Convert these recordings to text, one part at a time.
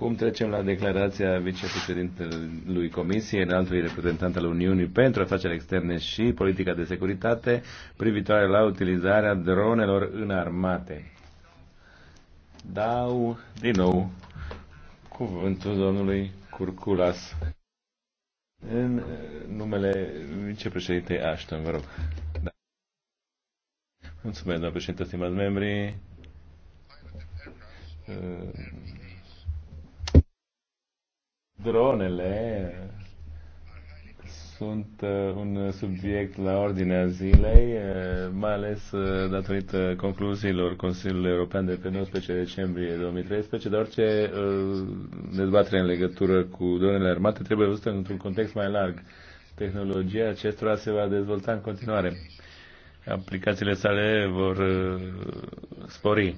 Acum trecem la declarația vicepreședintelui Comisiei, înaltului reprezentant al Uniunii pentru afaceri externe și politica de securitate privitoare la utilizarea dronelor înarmate. Dau din nou cuvântul domnului Curculas în uh, numele vicepreședintei Ashton, vă rog. Da. Mulțumesc, doamnă președinte, stimați membri. Uh, Dronele sunt uh, un subiect la ordinea zilei, uh, mai ales uh, datorită concluziilor Consiliului European de pe 19 decembrie 2013, dar orice dezbatere în legătură cu dronele armate trebuie văzută într-un context mai larg. Tehnologia acestora se va dezvolta în continuare. Aplicațiile sale vor spori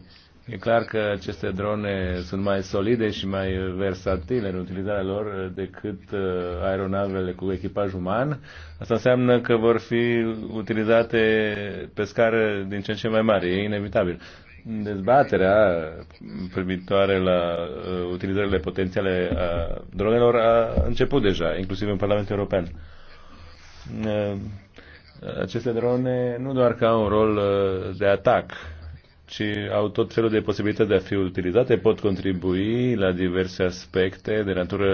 E clar că aceste drone sunt mai solide și mai versatile în utilizarea lor decât uh, aeronavele cu echipaj uman. Asta înseamnă că vor fi utilizate pe scară din ce în ce mai mare. E inevitabil. Dezbaterea privitoare la uh, utilizările potențiale a dronelor a început deja, inclusiv în Parlamentul European. Uh, aceste drone nu doar că au un rol de atac, ci au tot felul de posibilități de a fi utilizate, pot contribui la diverse aspecte de natură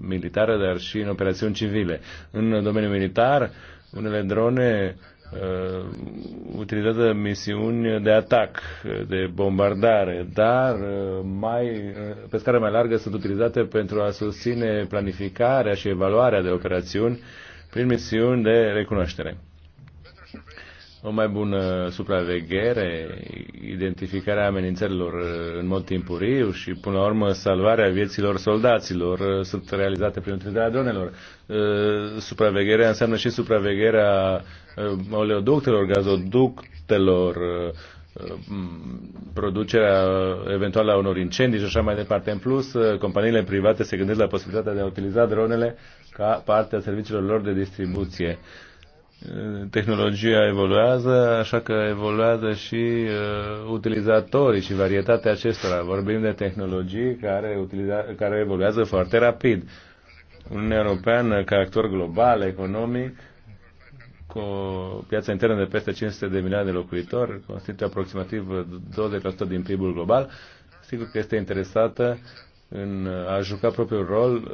militară, dar și în operațiuni civile. În domeniul militar, unele drone uh, utilizează misiuni de atac, de bombardare, dar uh, mai, uh, pe scară mai largă sunt utilizate pentru a susține planificarea și evaluarea de operațiuni prin misiuni de recunoaștere o mai bună supraveghere, identificarea amenințărilor uh, în mod timpuriu și, până la urmă, salvarea vieților soldaților uh, sunt realizate prin utilizarea dronelor. Uh, supravegherea înseamnă și supravegherea oleoductelor, gazoductelor, producerea eventuală a unor incendii și așa mai departe. În plus, companiile private se gândesc la posibilitatea de a utiliza dronele ca parte a serviciilor lor de distribuție. Uh, tehnologia evoluează, așa că evoluează și uh, utilizatorii și varietatea acestora. Vorbim de tehnologii care, utiliza, care evoluează foarte rapid. Uniunea Europeană, ca actor global, economic, cu o piață internă de peste 500 de milioane de locuitori, constituie aproximativ 20% din PIB-ul global, sigur că este interesată în a juca propriul rol uh,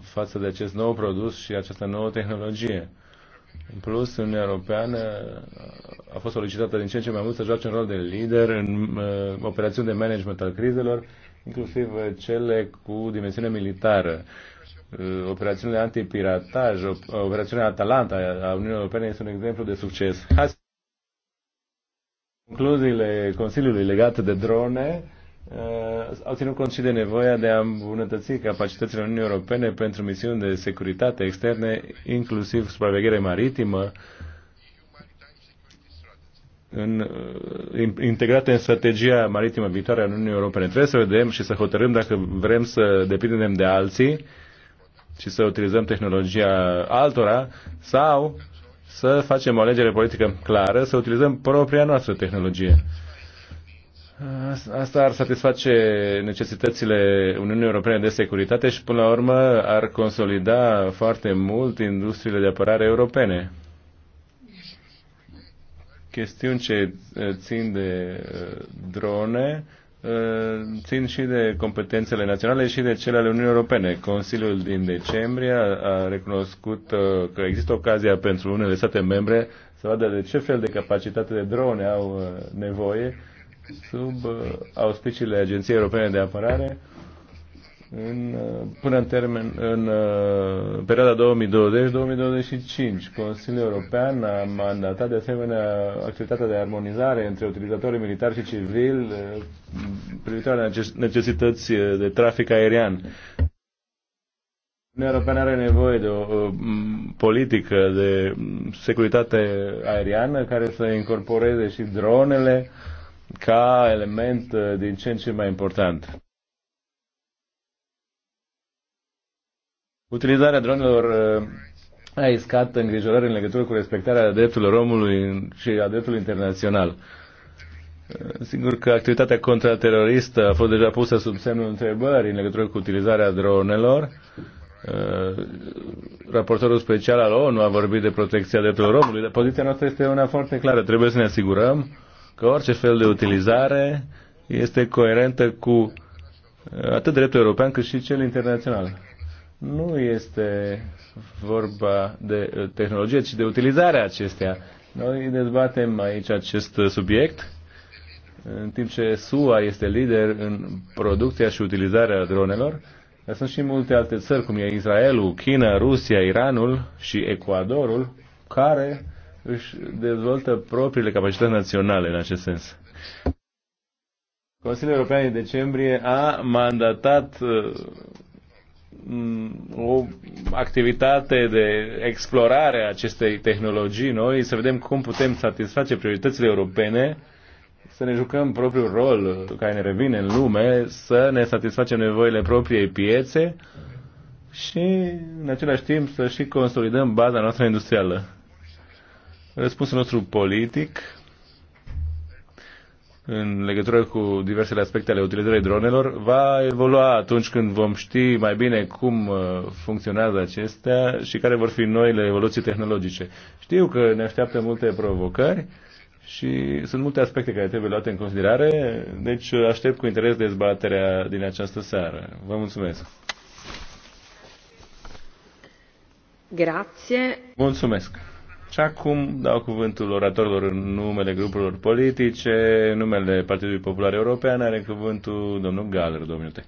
față de acest nou produs și această nouă tehnologie. În plus, Uniunea Europeană a fost solicitată din ce în ce mai mult să joace un rol de lider în uh, operațiuni de management al crizelor, inclusiv uh, cele cu dimensiune militară. Uh, operațiunile antipirataj, uh, operațiunea Atalanta a Uniunii Europene este un exemplu de succes. Concluziile Consiliului legate de drone Uh, au ținut cont și de nevoia de a îmbunătăți capacitățile Uniunii Europene pentru misiuni de securitate externe, inclusiv supraveghere maritimă, în, uh, integrate în strategia maritimă viitoare a Uniunii Europene. Trebuie să vedem și să hotărâm dacă vrem să depindem de alții și să utilizăm tehnologia altora sau să facem o alegere politică clară, să utilizăm propria noastră tehnologie. Asta ar satisface necesitățile Uniunii Europene de securitate și, până la urmă, ar consolida foarte mult industriile de apărare europene. Chestiuni ce eh, țin de eh, drone eh, țin și de competențele naționale și de cele ale Uniunii Europene. Consiliul din decembrie a recunoscut că există ocazia pentru unele state membre să vadă de ce fel de capacitate de drone au nevoie sub uh, auspiciile Agenției Europene de Apărare în, uh, până în, termen, în uh, perioada 2020-2025. Consiliul European a mandatat de asemenea activitatea de armonizare între utilizatorii militari și civili privitoare la necesități de trafic aerian. Uniunea Europeană are nevoie de o, o politică de securitate aeriană care să incorporeze și dronele, uh, ca element uh, din ce în ce mai important. Utilizarea dronelor uh, a iscat îngrijorări în legătură cu respectarea drepturilor omului și a dreptului internațional. Uh, Singur că activitatea contrateroristă a fost deja pusă sub semnul întrebării în legătură cu utilizarea dronelor. Raportorul special al ONU a vorbit de protecția drepturilor omului, dar poziția noastră este una foarte clară. Trebuie să ne asigurăm că orice fel de utilizare este coerentă cu uh, atât dreptul european cât și cel internațional. Nu este vorba de uh, tehnologie, ci de utilizarea acesteia. Noi dezbatem aici acest uh, subiect, în timp ce SUA este lider în producția și utilizarea dronelor, dar sunt și multe alte țări, cum e Israelul, China, Rusia, Iranul și Ecuadorul, care își dezvoltă propriile capacități naționale în acest sens. Consiliul European în decembrie a mandatat uh, o activitate de explorare a acestei tehnologii noi, să vedem cum putem satisface prioritățile europene, să ne jucăm propriul rol care ne revine în lume, să ne satisfacem nevoile propriei piețe și, în același timp, să și consolidăm baza noastră industrială. Răspunsul nostru politic în legătură cu diversele aspecte ale utilizării dronelor va evolua atunci când vom ști mai bine cum uh, funcționează acestea și care vor fi noile evoluții tehnologice. Știu că ne așteaptă multe provocări și sunt multe aspecte care trebuie luate în considerare, deci uh, aștept cu interes dezbaterea din această seară. Vă mulțumesc! Grazie! Mulțumesc! Și acum dau cuvântul oratorilor în numele grupurilor politice, în numele Partidului Popular European, are cuvântul domnul Galer, două minute.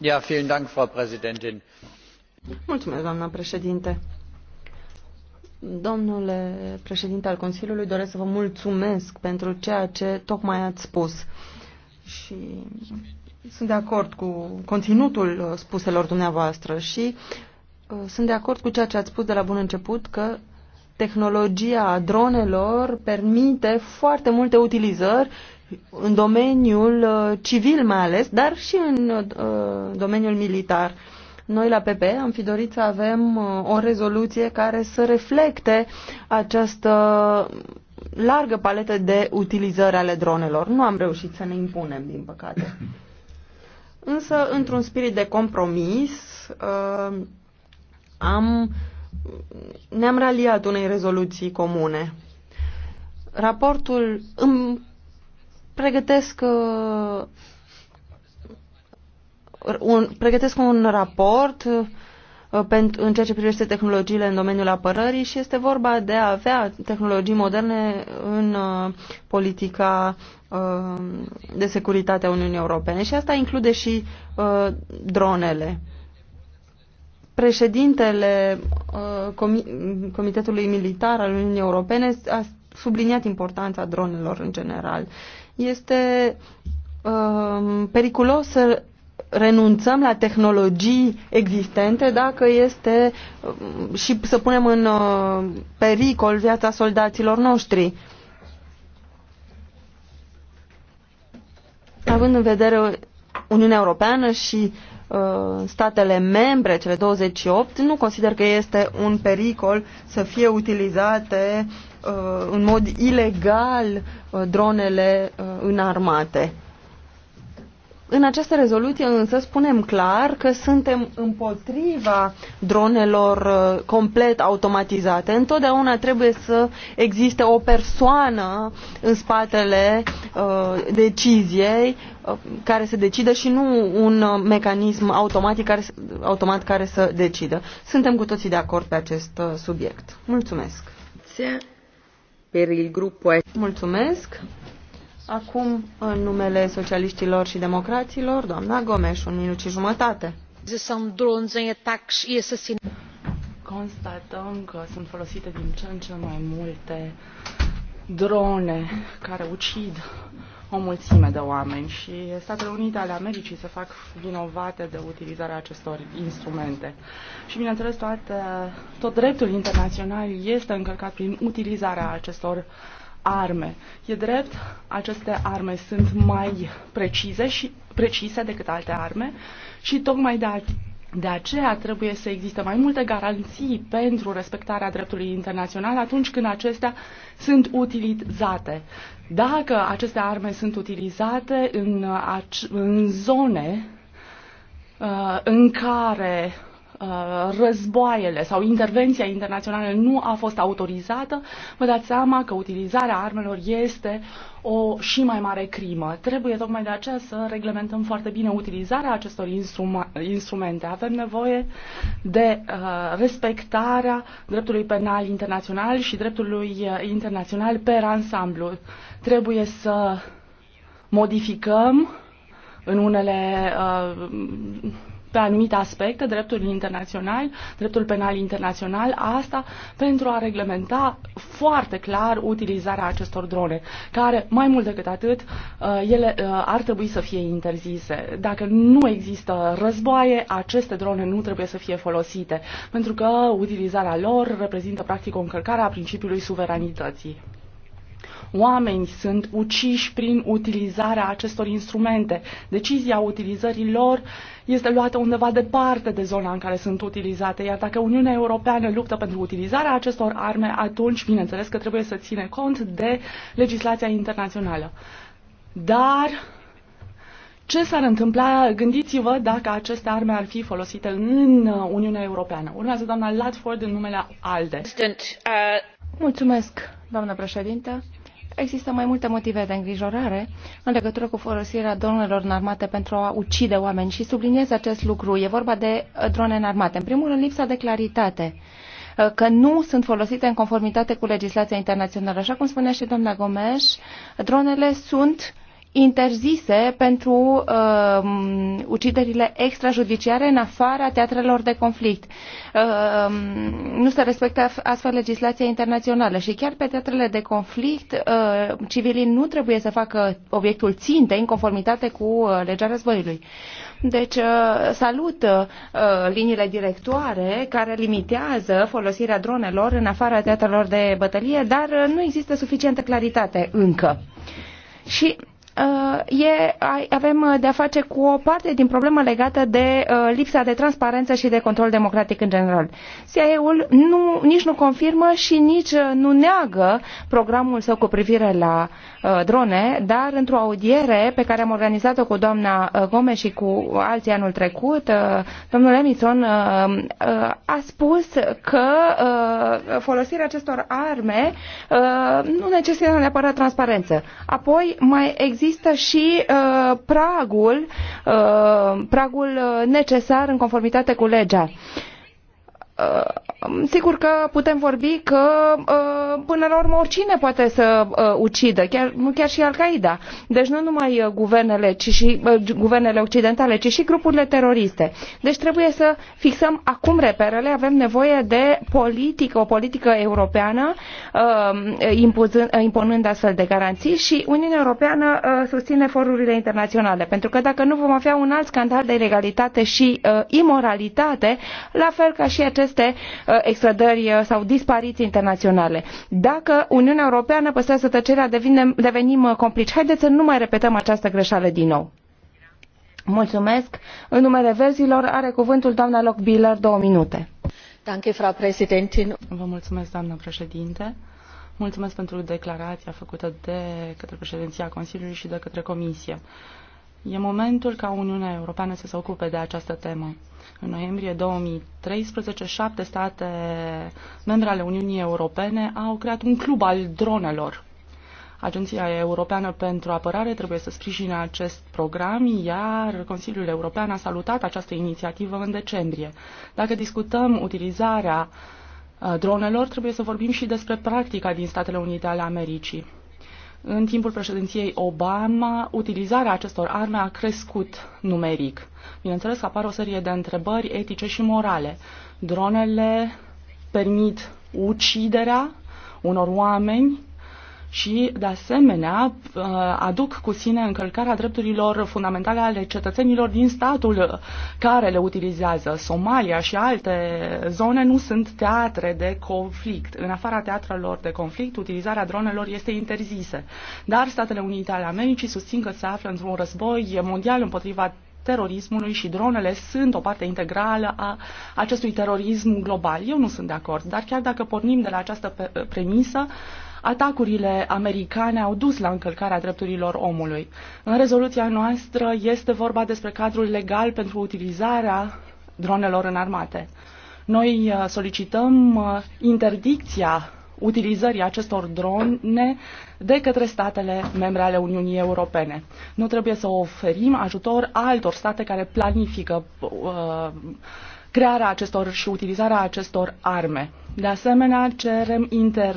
Ja, vielen Dank, Frau Präsidentin. Mulțumesc, doamna președinte. Domnule președinte al Consiliului, doresc să vă mulțumesc pentru ceea ce tocmai ați spus. Și sunt de acord cu conținutul uh, spuselor dumneavoastră și uh, sunt de acord cu ceea ce ați spus de la bun început, că tehnologia dronelor permite foarte multe utilizări în domeniul uh, civil mai ales, dar și în uh, domeniul militar. Noi la PP am fi dorit să avem uh, o rezoluție care să reflecte această largă paletă de utilizări ale dronelor. Nu am reușit să ne impunem, din păcate. Însă, într-un spirit de compromis, am ne-am raliat unei rezoluții comune. Raportul îmi pregătesc uh, un, pregătesc un raport uh, pentru, în ceea ce privește tehnologiile în domeniul apărării și este vorba de a avea tehnologii moderne în uh, politica uh, de securitate a Uniunii Europene și asta include și uh, dronele președintele uh, Comitetului Militar al Uniunii Europene a subliniat importanța dronelor în general. Este um, periculos să renunțăm la tehnologii existente dacă este um, și să punem în uh, pericol viața soldaților noștri. Având în vedere Uniunea Europeană și Uh, statele membre, cele 28, nu consider că este un pericol să fie utilizate uh, în mod ilegal uh, dronele înarmate. În această rezoluție însă spunem clar că suntem împotriva dronelor uh, complet automatizate. Întotdeauna trebuie să existe o persoană în spatele uh, deciziei uh, care să decidă și nu un mecanism automatic care, automat care să decidă. Suntem cu toții de acord pe acest uh, subiect. Mulțumesc! Mulțumesc! Acum, în numele socialiștilor și democraților, doamna Gomes, un minut și jumătate. Constatăm că sunt folosite din ce în ce mai multe drone care ucid o mulțime de oameni și Statele Unite ale Americii se fac vinovate de utilizarea acestor instrumente. Și, bineînțeles, toate, tot dreptul internațional este încălcat prin utilizarea acestor uh, arme. E drept, aceste arme sunt mai precise, și, precise decât alte arme și tocmai de, a, de aceea trebuie să existe mai multe garanții pentru respectarea dreptului internațional atunci când acestea sunt utilizate. Dacă aceste arme sunt utilizate în, în zone uh, în care Uh, războaiele sau intervenția internațională nu a fost autorizată, vă dați seama că utilizarea armelor este o și mai mare crimă. Trebuie tocmai de aceea să reglementăm foarte bine utilizarea acestor instrumente. Avem nevoie de uh, respectarea dreptului penal internațional și dreptului uh, internațional per ansamblu. Trebuie să modificăm în unele uh, pe anumite aspecte, dreptul internațional, dreptul penal internațional, asta pentru a reglementa foarte clar utilizarea acestor drone, care, mai mult decât atât, uh, ele uh, ar trebui să fie interzise. Dacă nu există războaie, aceste drone nu trebuie să fie folosite, pentru că utilizarea lor reprezintă practic o încălcare a principiului suveranității oamenii sunt uciși prin utilizarea acestor instrumente. Decizia utilizării lor este luată undeva departe de zona în care sunt utilizate, iar dacă Uniunea Europeană luptă pentru utilizarea acestor arme, atunci, bineînțeles, că trebuie să ține cont de legislația internațională. Dar ce s-ar întâmpla, gândiți-vă, dacă aceste arme ar fi folosite în Uniunea Europeană? Urmează doamna Latford în numele ALDE. Uh, Mulțumesc, doamnă președinte există mai multe motive de îngrijorare în legătură cu folosirea dronelor înarmate pentru a ucide oameni și subliniez acest lucru. E vorba de uh, drone înarmate. În primul rând, lipsa de claritate uh, că nu sunt folosite în conformitate cu legislația internațională. Așa cum spunea și doamna Gomes, dronele sunt uh, interzise pentru uh, uciderile extrajudiciare în afara teatrelor de conflict. Uh, nu se respectă astfel legislația internațională și chiar pe teatrele de conflict uh, civilii nu trebuie să facă obiectul ținte în conformitate cu uh, legea războiului. Deci uh, salut uh, liniile directoare care limitează folosirea dronelor în afara teatrelor de bătălie, dar uh, nu există suficientă claritate încă. Și Uh, e, avem uh, de-a face cu o parte din problema legată de uh, lipsa de transparență și de control democratic în general. CIA-ul nu, nici nu confirmă și nici nu neagă programul său cu privire la drone, dar într-o audiere pe care am organizat-o cu doamna Gomes și cu alții anul trecut, domnul Emison a spus că folosirea acestor arme nu necesită neapărat transparență. Apoi mai există există și uh, pragul, uh, pragul uh, necesar în conformitate cu legea. Uh, Uh, sigur că putem vorbi că uh, până la urmă oricine poate să uh, ucidă, chiar, chiar și Al-Qaeda. Deci nu numai guvernele, ci și, guvernele occidentale, ci și grupurile teroriste. Deci trebuie să fixăm acum reperele, avem nevoie de politică, o politică europeană impunând astfel de garanții și Uniunea Europeană susține forurile internaționale, pentru că dacă nu vom avea un alt scandal de ilegalitate și imoralitate, la fel ca și acest aceste uh, extrădări uh, sau dispariții internaționale. Dacă Uniunea Europeană păstrează tăcerea, devenim, devenim uh, complici. Haideți să nu mai repetăm această greșeală din nou. Mulțumesc. În numele verzilor are cuvântul doamna Lockbiller, două minute. Vă mulțumesc, doamnă președinte. Mulțumesc pentru declarația făcută de către președinția Consiliului și de către Comisie. E momentul ca Uniunea Europeană să se ocupe de această temă. În noiembrie 2013, șapte state membre ale Uniunii Europene au creat un club al dronelor. Agenția Europeană pentru Apărare trebuie să sprijine acest program, iar Consiliul European a salutat această inițiativă în decembrie. Dacă discutăm utilizarea uh, dronelor, trebuie să vorbim și despre practica din Statele Unite ale Americii în timpul președinției Obama, utilizarea acestor arme a crescut numeric. Bineînțeles că apar o serie de întrebări etice și morale. Dronele permit uciderea unor oameni și, de asemenea, uh, aduc cu sine încălcarea drepturilor fundamentale ale cetățenilor din statul care le utilizează. Somalia și alte zone nu sunt teatre de conflict. În afara teatrelor de conflict, utilizarea dronelor este interzisă. Dar Statele Unite ale Americii susțin că se află într-un război mondial împotriva terorismului și dronele sunt o parte integrală a acestui terorism global. Eu nu sunt de acord, dar chiar dacă pornim de la această premisă, Atacurile americane au dus la încălcarea drepturilor omului. În rezoluția noastră este vorba despre cadrul legal pentru utilizarea dronelor armate. Noi uh, solicităm uh, interdicția utilizării acestor drone de către statele membre ale Uniunii Europene. Nu trebuie să oferim ajutor altor state care planifică uh, crearea acestor și utilizarea acestor arme. De asemenea, cerem inter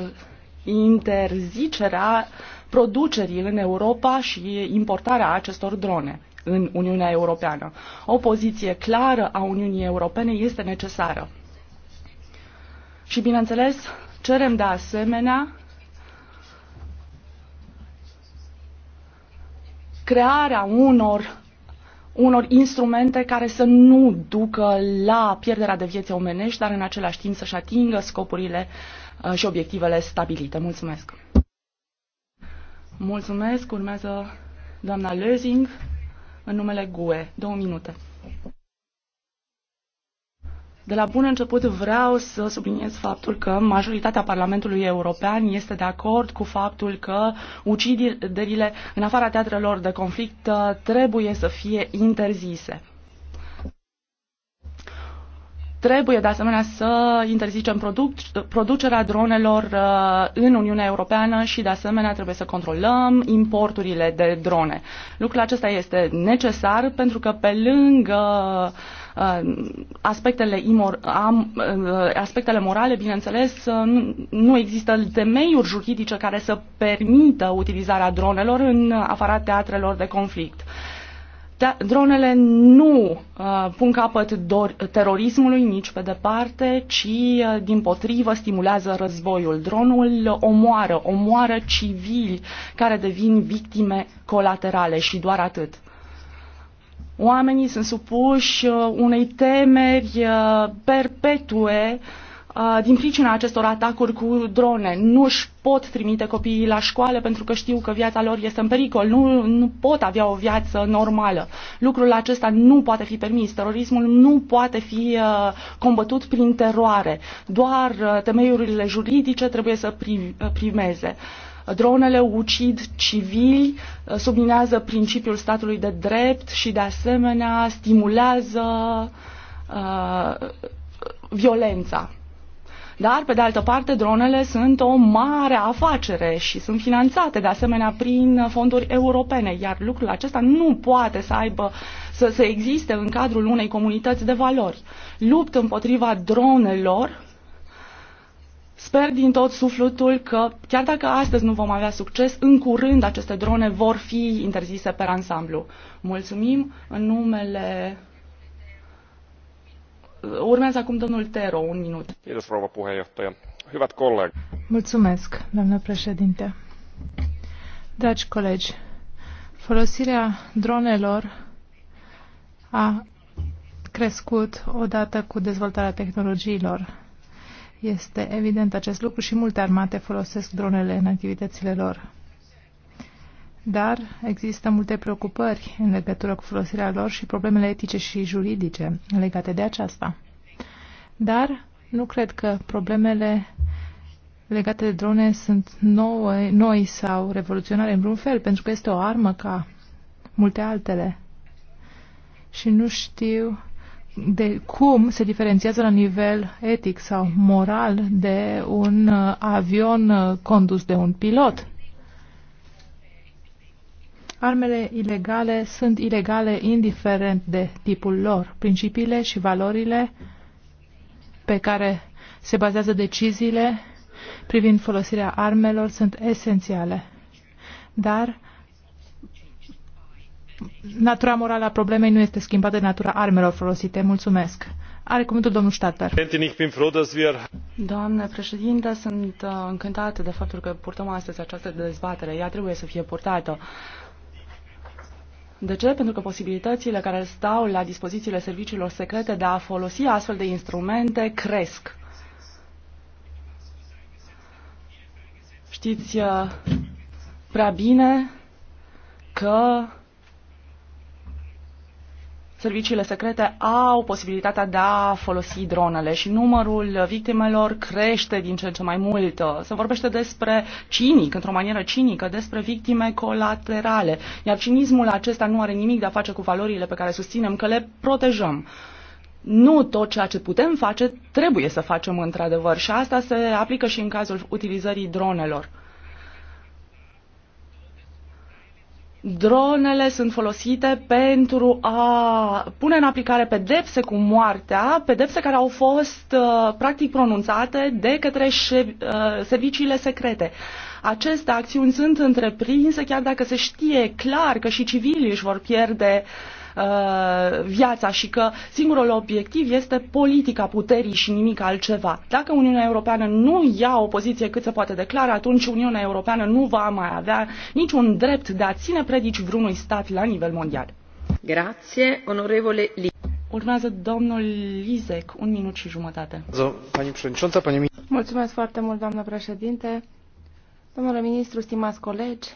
interzicerea producerii în Europa și importarea acestor drone în Uniunea Europeană. O poziție clară a Uniunii Europene este necesară. Și, bineînțeles, cerem de asemenea crearea unor unor instrumente care să nu ducă la pierderea de vieți omenești, dar în același timp să-și atingă scopurile uh, Uh, și obiectivele stabilite. Mulțumesc! Mulțumesc! Urmează doamna Lezing în numele GUE. Două minute. De la bun început vreau să subliniez faptul că majoritatea Parlamentului European este de acord cu faptul că uciderile în afara teatrelor de conflict uh, trebuie să fie interzise. Trebuie de asemenea să interzicem produc- producerea dronelor uh, în Uniunea Europeană și de asemenea trebuie să controlăm importurile de drone. Lucrul acesta este necesar pentru că pe lângă uh, aspectele, imor, am, uh, aspectele morale, bineînțeles, nu, nu există temeiuri juridice care să permită utilizarea dronelor în afara teatrelor de conflict. Da, dronele nu uh, pun capăt terorismului nici pe departe, ci uh, din potrivă stimulează războiul. Dronul omoară, omoară civili care devin victime colaterale și doar atât. Oamenii sunt supuși uh, unei temeri uh, perpetue uh, Uh, din pricina acestor atacuri cu drone nu își pot trimite copiii la școală pentru că știu că viața lor este în pericol, nu, nu pot avea o viață normală. Lucrul acesta nu poate fi permis. Terorismul nu poate fi uh, combătut prin teroare. Doar uh, temeiurile juridice trebuie să primeze. Dronele ucid civili, subminează principiul statului de drept și, de asemenea, stimulează uh, violența. Dar, pe de altă parte, dronele sunt o mare afacere și sunt finanțate de asemenea prin fonduri europene, iar lucrul acesta nu poate să aibă să, să existe în cadrul unei comunități de valori. Lupt împotriva dronelor Sper din tot sufletul că, chiar dacă astăzi nu vom avea succes, în curând aceste drone vor fi interzise pe ansamblu. Mulțumim în numele Urmează acum domnul Tero, un minut. Kiitos, rouva puheenjohtaja. Hyvät kollegat. Mulțumesc, doamnă președinte. Dragi colegi, folosirea dronelor a crescut odată cu dezvoltarea tehnologiilor. Este evident acest lucru și multe armate folosesc dronele în activitățile lor dar există multe preocupări în legătură cu folosirea lor și problemele etice și juridice legate de aceasta. Dar nu cred că problemele legate de drone sunt noi, noi sau revoluționare în vreun fel, pentru că este o armă ca multe altele. Și nu știu de cum se diferențiază la nivel etic sau moral de un uh, avion uh, condus de un pilot. Armele ilegale sunt ilegale indiferent de tipul lor. Principiile și valorile pe care se bazează deciziile privind folosirea armelor sunt esențiale. Dar natura morală a problemei nu este schimbată de natura armelor folosite. Mulțumesc. Are cuvântul domnul Stadler. Doamnă președinte, sunt uh, încântată de faptul că purtăm astăzi această dezbatere. Ea trebuie să fie purtată. De ce? Pentru că posibilitățile care stau la dispozițiile serviciilor secrete de a folosi astfel de instrumente cresc. Știți uh, prea bine că serviciile secrete au posibilitatea de a folosi dronele și numărul victimelor crește din ce în ce mai mult. Se vorbește despre cinic, într-o manieră cinică, despre victime colaterale, iar cinismul acesta nu are nimic de a face cu valorile pe care susținem că le protejăm nu tot ceea ce putem face trebuie să facem într-adevăr și asta se aplică și în cazul utilizării dronelor. Dronele sunt folosite pentru a pune în aplicare pedepse cu moartea, pedepse care au fost uh, practic pronunțate de către șe- uh, serviciile secrete. Aceste acțiuni sunt întreprinse chiar dacă se știe clar că și civilii își vor pierde uh, Uh, viața și că singurul obiectiv este politica puterii și nimic altceva. Dacă Uniunea Europeană nu ia o poziție cât se poate declara, atunci Uniunea Europeană nu va mai avea niciun drept de a ține predici vreunui stat la nivel mondial. Grazie, onorevole Li. Urmează domnul Lizec, un minut și jumătate. Mulțumesc foarte mult, doamnă președinte. Domnule ministru, stimați colegi,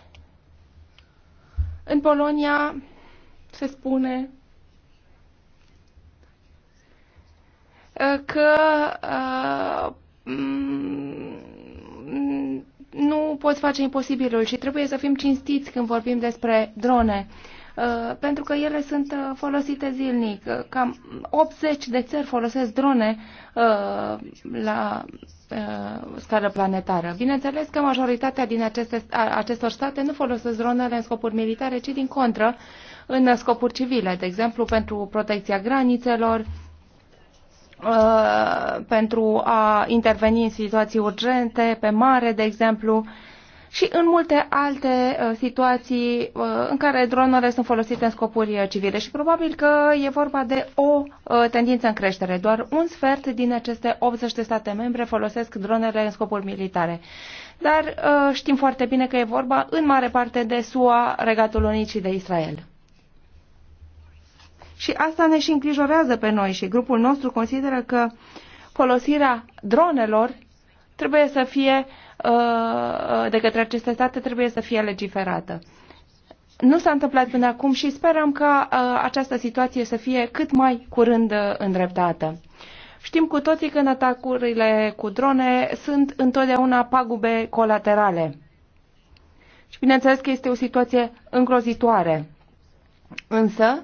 în Polonia se spune uh, că uh, mm, nu poți face imposibilul și trebuie să fim cinstiți când vorbim despre drone, uh, pentru că ele sunt folosite zilnic. Cam 80 de țări folosesc drone la scară planetară. Bineînțeles că majoritatea din aceste, acestor state nu folosesc dronele în scopuri militare, ci din contră în scopuri civile, de exemplu pentru protecția granițelor, uh, pentru a interveni în situații urgente, pe mare, de exemplu, și în multe alte uh, situații uh, în care dronele sunt folosite în scopuri civile. Și probabil că e vorba de o tendință în creștere. Doar un sfert din aceste 80 de state membre folosesc dronele în scopuri militare. Dar știm foarte bine că e vorba în mare parte de SUA, Regatul Unit și de Israel. Și asta ne și îngrijorează pe noi și grupul nostru consideră că folosirea dronelor trebuie să fie, uh, de către aceste state, trebuie să fie legiferată. Nu s-a întâmplat până acum și sperăm ca uh, această situație să fie cât mai curând uh, îndreptată. Știm cu toții că în atacurile cu drone sunt întotdeauna pagube colaterale. Și bineînțeles că este o situație îngrozitoare. Însă,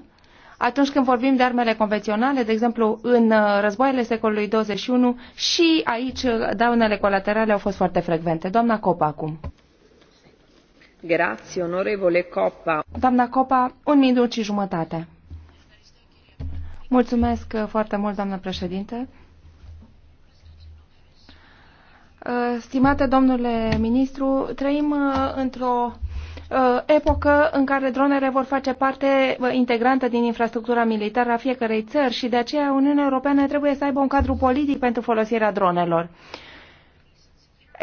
atunci când vorbim de armele convenționale, de exemplu în uh, războaiele secolului 21 și aici uh, daunele colaterale au fost foarte frecvente. Doamna Copa acum. Grazie, onorevole Copa. Doamna Copa, un minut și jumătate. Mulțumesc uh, foarte mult, doamnă președinte. Stimate domnule ministru, trăim într-o Uh, epocă în care dronele vor face parte uh, integrantă din infrastructura militară a fiecărei țări și de aceea Uniunea Europeană trebuie să aibă un cadru politic pentru folosirea dronelor.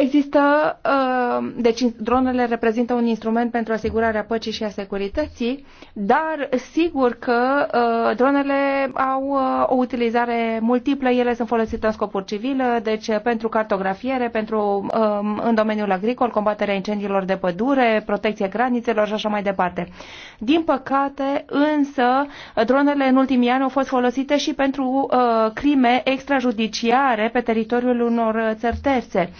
Există, uh, deci dronele reprezintă un instrument pentru asigurarea păcii și a securității, dar sigur că uh, dronele au uh, o utilizare multiplă, ele sunt folosite în scopuri civile, deci pentru cartografiere, pentru în domeniul agricol, combaterea incendiilor de pădure, protecția granițelor și așa mai departe. Din păcate, însă, dronele în ultimii ani au fost folosite și pentru crime extrajudiciare pe teritoriul unor țări terțe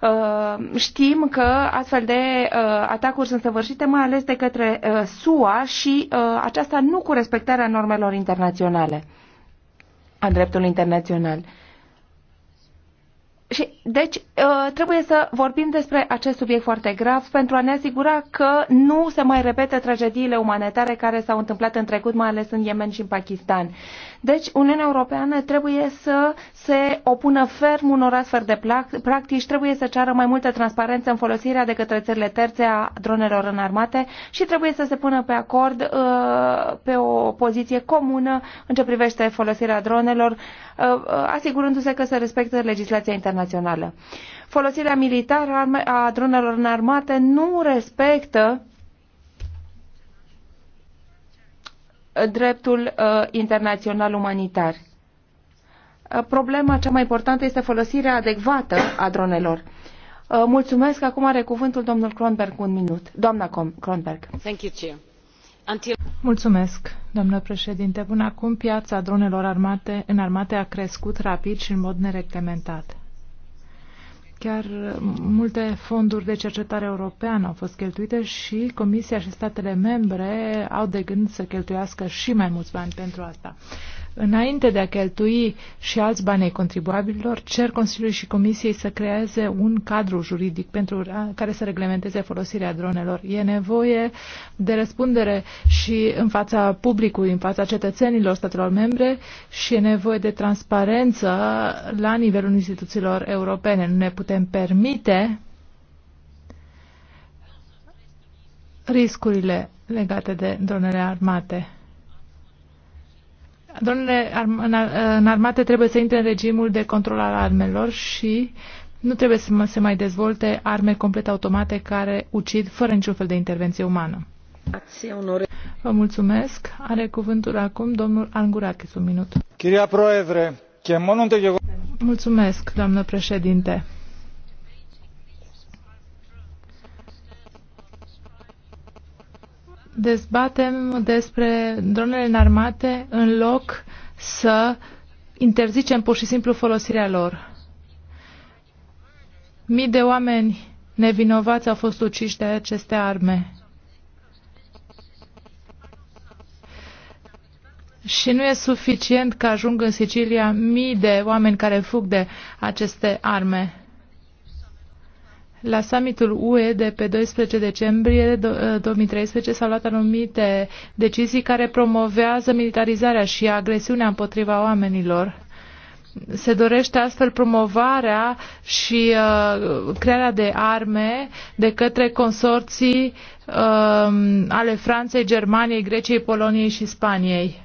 Uh, știm că astfel de uh, atacuri sunt săvârșite mai ales de către uh, SUA și aceasta nu cu respectarea normelor internaționale, a dreptului internațional. Și, deci, trebuie să vorbim despre acest subiect foarte grav pentru a ne asigura că nu se mai repete tragediile umanitare care s-au întâmplat în trecut, mai ales în Yemen și în Pakistan. Deci, Uniunea Europeană trebuie să se opună ferm unor astfel de practici, trebuie să ceară mai multă transparență în folosirea de către țările terțe a dronelor înarmate și trebuie să se pună pe acord uh, pe o poziție comună în ce privește folosirea dronelor, uh, uh, asigurându-se că se respectă legislația internațională. Folosirea militară a dronelor înarmate nu respectă dreptul uh, internațional umanitar. Uh, problema cea mai importantă este folosirea adecvată a dronelor. Uh, mulțumesc. Acum are cuvântul domnul Kronberg un minut. Doamna Kronberg. Thank you, Chair. Mulțumesc, doamnă președinte. Până acum, piața dronelor armate, înarmate a crescut rapid și în mod nereglementat. Chiar multe fonduri de cercetare europeană au fost cheltuite și Comisia și statele membre au de gând să cheltuiască și mai mulți bani pentru asta. Înainte de a cheltui și alți banii contribuabililor, cer Consiliului și Comisiei să creeze un cadru juridic pentru care să reglementeze folosirea dronelor. E nevoie de răspundere și în fața publicului, în fața cetățenilor statelor membre și e nevoie de transparență la nivelul instituțiilor europene. Nu ne putem permite riscurile legate de dronele armate. Dronele armate trebuie să intre în regimul de control al armelor și nu trebuie să se mai dezvolte arme complet automate care ucid fără niciun fel de intervenție umană. Vă mulțumesc. Are cuvântul acum domnul Angurachis, un minut. Mulțumesc, doamnă președinte. dezbatem despre dronele înarmate în loc să interzicem pur și simplu folosirea lor. Mii de oameni nevinovați au fost uciși de aceste arme. Și nu e suficient că ajung în Sicilia mii de oameni care fug de aceste arme. La summitul UE de pe 12 decembrie 2013 uh, s-au luat anumite decizii care promovează militarizarea și agresiunea împotriva oamenilor. Se dorește astfel promovarea și uh, crearea de arme de către consorții uh, ale Franței, Germaniei, Greciei, Poloniei și Spaniei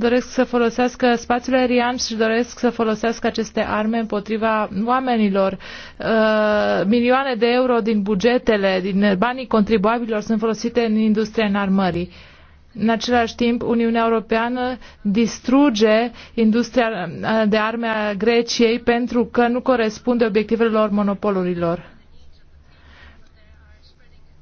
doresc să folosească spațiul aerian și doresc să folosească aceste arme împotriva oamenilor. Uh, milioane de euro din bugetele, din banii contribuabilor sunt folosite în industria înarmării. În același timp, Uniunea Europeană distruge industria uh, de arme a Greciei pentru că nu corespunde obiectivelor monopolurilor.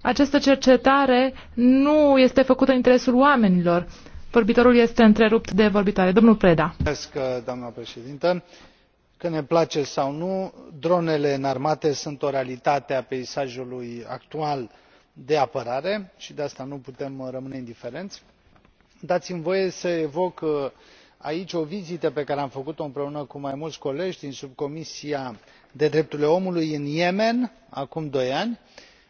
Această cercetare nu este făcută în interesul oamenilor. Vorbitorul este întrerupt de vorbitoare. Domnul Preda. Mulțumesc, doamna președintă. Că ne place sau nu, dronele înarmate sunt o realitate a peisajului actual de apărare și de asta nu putem rămâne indiferenți. Dați mi voie să evoc uh, aici o vizită pe care am făcut o împreună cu mai mulți colegi din subcomisia de drepturile omului în yemen acum doi ani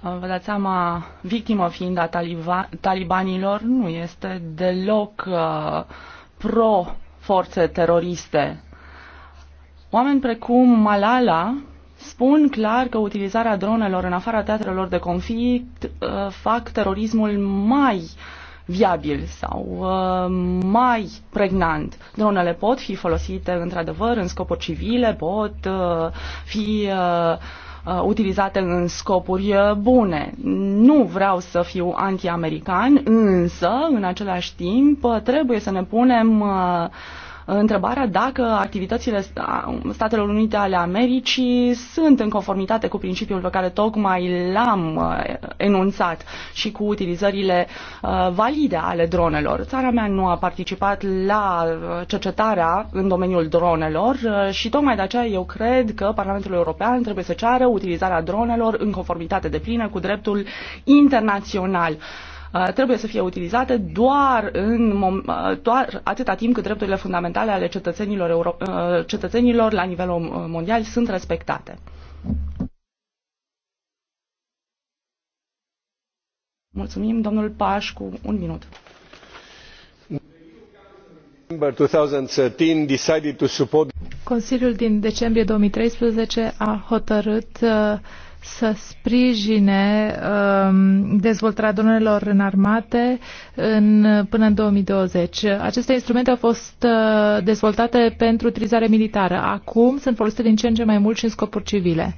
vă dați seama, victimă fiind a taliba, talibanilor, nu este deloc uh, pro-forțe teroriste. Oameni precum Malala spun clar că utilizarea dronelor în afara teatrelor de conflict uh, fac terorismul mai viabil sau uh, mai pregnant. Dronele pot fi folosite într-adevăr în scopuri civile, pot uh, fi uh, Uh, utilizate în scopuri uh, bune. Nu vreau să fiu anti-american, însă, în același timp, uh, trebuie să ne punem uh, întrebarea dacă activitățile Statelor Unite ale Americii sunt în conformitate cu principiul pe care tocmai l-am uh, enunțat și cu utilizările uh, valide ale dronelor. Țara mea nu a participat la uh, cercetarea în domeniul dronelor și tocmai de aceea eu cred că Parlamentul European trebuie să ceară utilizarea dronelor în conformitate de plină cu dreptul internațional. Uh, trebuie să fie utilizate doar, în, uh, doar atâta timp cât drepturile fundamentale ale cetățenilor, euro, uh, cetățenilor la nivel mondial sunt respectate. Mulțumim, domnul Pașcu, un minut. Consiliul din decembrie 2013 a hotărât uh, să sprijine um, dezvoltarea dronelor în armate în, până în 2020. Aceste instrumente au fost uh, dezvoltate pentru utilizare militară. Acum sunt folosite din ce în ce mai mult și în scopuri civile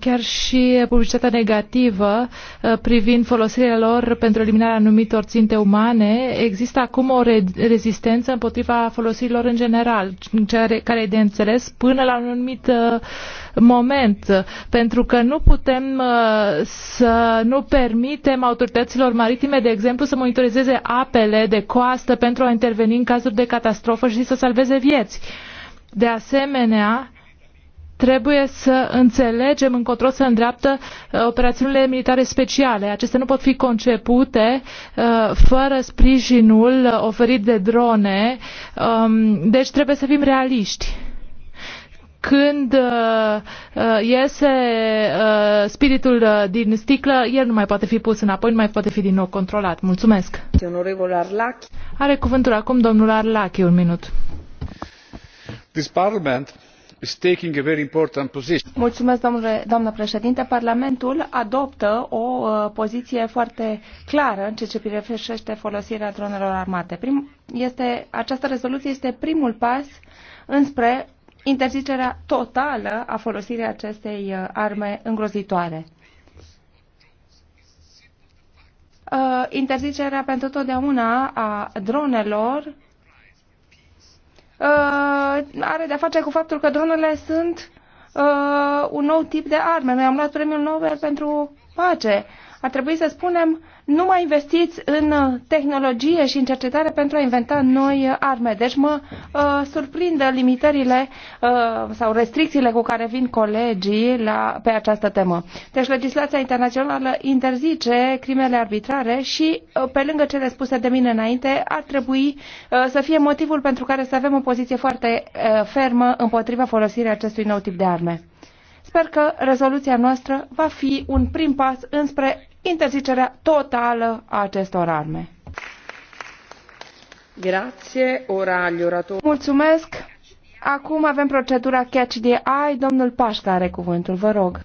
chiar și publicitatea negativă uh, privind folosirea lor pentru eliminarea anumitor ținte umane, există acum o rezistență împotriva folosirilor în general, care e de înțeles până la un anumit uh, moment, pentru că nu putem uh, să nu permitem autorităților maritime, de exemplu, să monitorizeze apele de coastă pentru a interveni în cazuri de catastrofă și să salveze vieți. De asemenea, trebuie să înțelegem încotro se îndreaptă uh, operațiunile militare speciale. Acestea nu pot fi concepute uh, fără sprijinul uh, oferit de drone, um, deci trebuie să fim realiști când uh, iese uh, spiritul uh, din sticlă, el nu mai poate fi pus înapoi, nu mai poate fi din nou controlat. Mulțumesc. Are cuvântul acum domnul Arlachi, un minut. This parliament doamnă președinte parlamentul adoptă o uh, poziție foarte clară în ceea ce privește folosirea dronelor armate. este, această rezoluție este primul pas înspre interzicerea totală a folosirii acestei uh, arme îngrozitoare. Uh, interzicerea pentru totdeauna a dronelor Uh, are de-a face cu faptul că dronele sunt uh, un nou tip de arme. Noi am luat premiul Nobel pentru pace. Ar trebui să spunem, nu mai investiți în uh, tehnologie și în cercetare pentru a inventa noi uh, arme. Deci mă uh, surprindă limitările uh, sau restricțiile cu care vin colegii la, pe această temă. Deci legislația internațională interzice crimele arbitrare și, uh, pe lângă cele spuse de mine înainte, ar trebui uh, să fie motivul pentru care să avem o poziție foarte uh, fermă împotriva folosirii acestui nou tip de arme. Sper că rezoluția noastră va fi un prim pas înspre interzicerea totală a acestor arme. Grazie, ora agli oratori. Mulțumesc. Acum avem procedura catch the eye. Domnul Pașca are cuvântul, vă rog.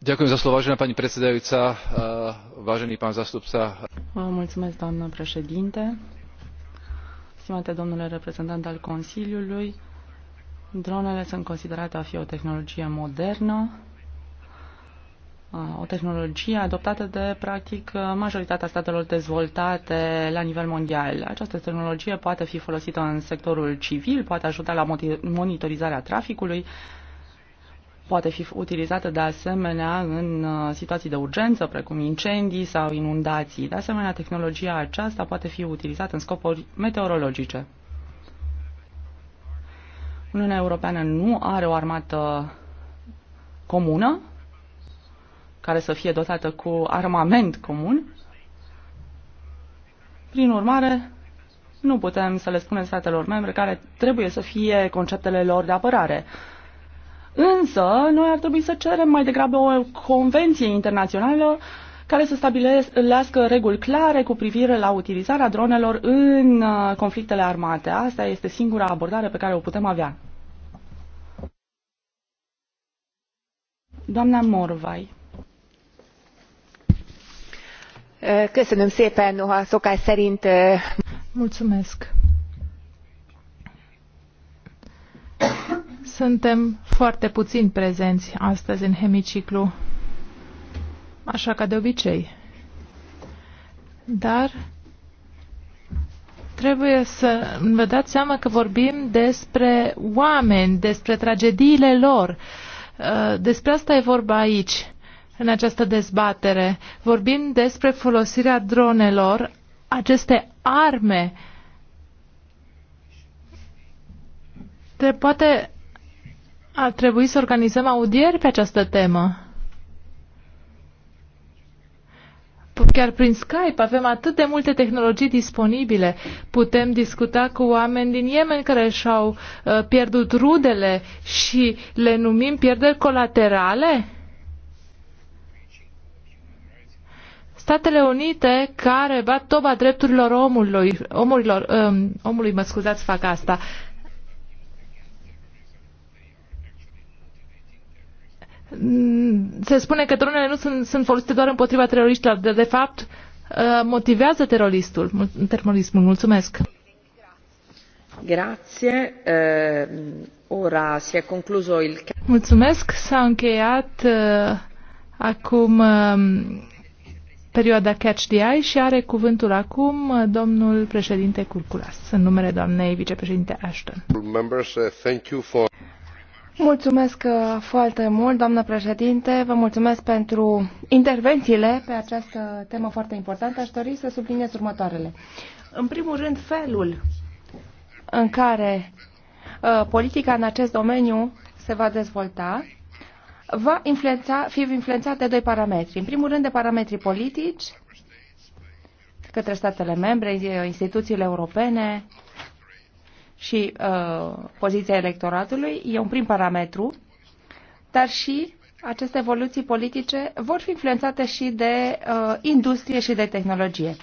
Ďakujem za slovo, vážená pani predsedajúca, eh, vážený pán zastupca. Mulțumesc, doamnă președinte, stimate domnule reprezentant al Consiliului, Dronele sunt considerate a fi o tehnologie modernă, o tehnologie adoptată de, practic, majoritatea statelor dezvoltate la nivel mondial. Această tehnologie poate fi folosită în sectorul civil, poate ajuta la monitorizarea traficului, poate fi utilizată de asemenea în situații de urgență, precum incendii sau inundații. De asemenea, tehnologia aceasta poate fi utilizată în scopuri meteorologice. Uniunea Europeană nu are o armată comună care să fie dotată cu armament comun. Prin urmare, nu putem să le spunem statelor membre care trebuie să fie conceptele lor de apărare. Însă, noi ar trebui să cerem mai degrabă o convenție internațională uh, care să stabilească reguli clare cu privire la utilizarea dronelor în uh, conflictele armate. Asta este singura abordare pe care o putem avea. Doamna Morvai. Köszönöm szépen, noha szokás szerint... Mulțumesc. Suntem foarte puțin prezenți astăzi în hemiciclu așa ca de obicei. Dar trebuie să vă dați seama că vorbim despre oameni, despre tragediile lor. Uh, despre asta e vorba aici, în această dezbatere. Vorbim despre folosirea dronelor, aceste arme. poate ar trebui să organizăm audieri pe această temă. chiar prin Skype, avem atât de multe tehnologii disponibile. Putem discuta cu oameni din Yemen care și-au uh, pierdut rudele și le numim pierderi colaterale? Statele Unite care bat toba drepturilor omului, omurilor, um, omului, mă scuzați, fac asta. Uh, se spune că dronele nu sunt, sunt folosite doar împotriva teroriștilor, de, de fapt uh, motivează teroristul, terorismul. Mulțumesc! Grazie. Uh, ora si è concluso il... Mulțumesc, s-a încheiat uh, acum um, perioada Catch the Eye și are cuvântul acum domnul președinte Curculas, în numele doamnei vicepreședinte Ashton. Members, thank you for... Mulțumesc uh, foarte mult, doamnă președinte. Vă mulțumesc pentru intervențiile pe această temă foarte importantă. Aș dori să subliniez următoarele. În primul rând, felul în care uh, politica în acest domeniu se va dezvolta va influența, fi influențat de doi parametri. În primul rând, de parametrii politici către statele membre, instituțiile europene, și uh, poziția electoratului e un prim parametru, dar și aceste evoluții politice vor fi influențate și de uh, industrie și de tehnologie.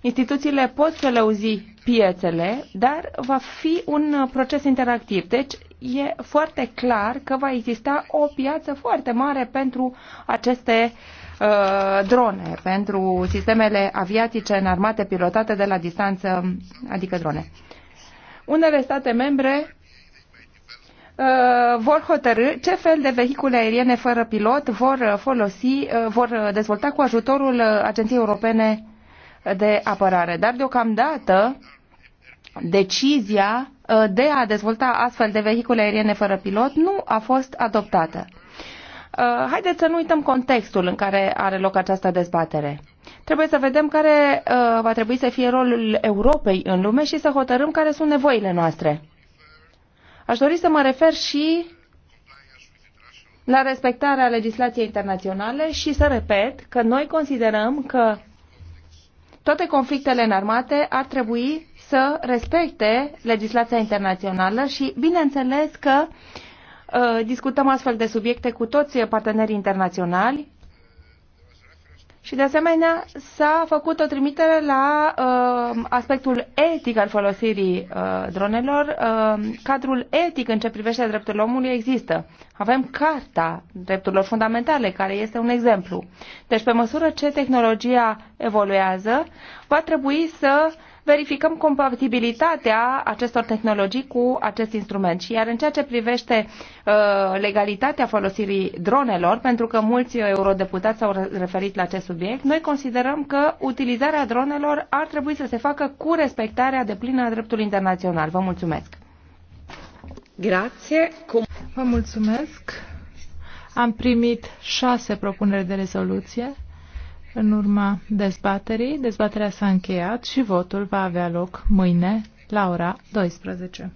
Instituțiile pot să lăuzi piețele, dar va fi un uh, proces interactiv. Deci e foarte clar că va exista o piață foarte mare pentru aceste uh, drone, pentru sistemele aviatice armate pilotate de la distanță, adică drone. Uh, unele state membre uh, vor hotărâ ce fel de vehicule aeriene fără pilot vor folosi, uh, vor dezvolta cu ajutorul uh, Agenției Europene de Apărare. Dar deocamdată decizia de a dezvolta astfel de vehicule aeriene fără pilot nu a fost adoptată. Haideți să nu uităm contextul în care are loc această dezbatere. Trebuie să vedem care uh, va trebui să fie rolul Europei în lume și să hotărâm care sunt nevoile noastre. Aș dori să mă refer și la respectarea legislației internaționale și să repet că noi considerăm că toate conflictele înarmate ar trebui să respecte legislația internațională și, bineînțeles, că uh, discutăm astfel de subiecte cu toți partenerii internaționali și de asemenea s-a făcut o trimitere la uh, aspectul etic al folosirii uh, dronelor. Uh, cadrul etic în ce privește drepturile omului există. Avem Carta Drepturilor Fundamentale, care este un exemplu. Deci, pe măsură ce tehnologia evoluează, va trebui să uh, verificăm compatibilitatea acestor tehnologii cu acest instrument. Și iar în ceea ce privește uh, legalitatea folosirii dronelor, pentru că mulți eurodeputați s-au referit la acest subiect, noi considerăm că utilizarea dronelor ar trebui să se facă cu respectarea deplină a dreptului internațional. Vă mulțumesc! Grazie. Vă mulțumesc! Am primit șase propuneri de rezoluție. În urma dezbaterii, dezbaterea s-a încheiat și votul va avea loc mâine la ora 12.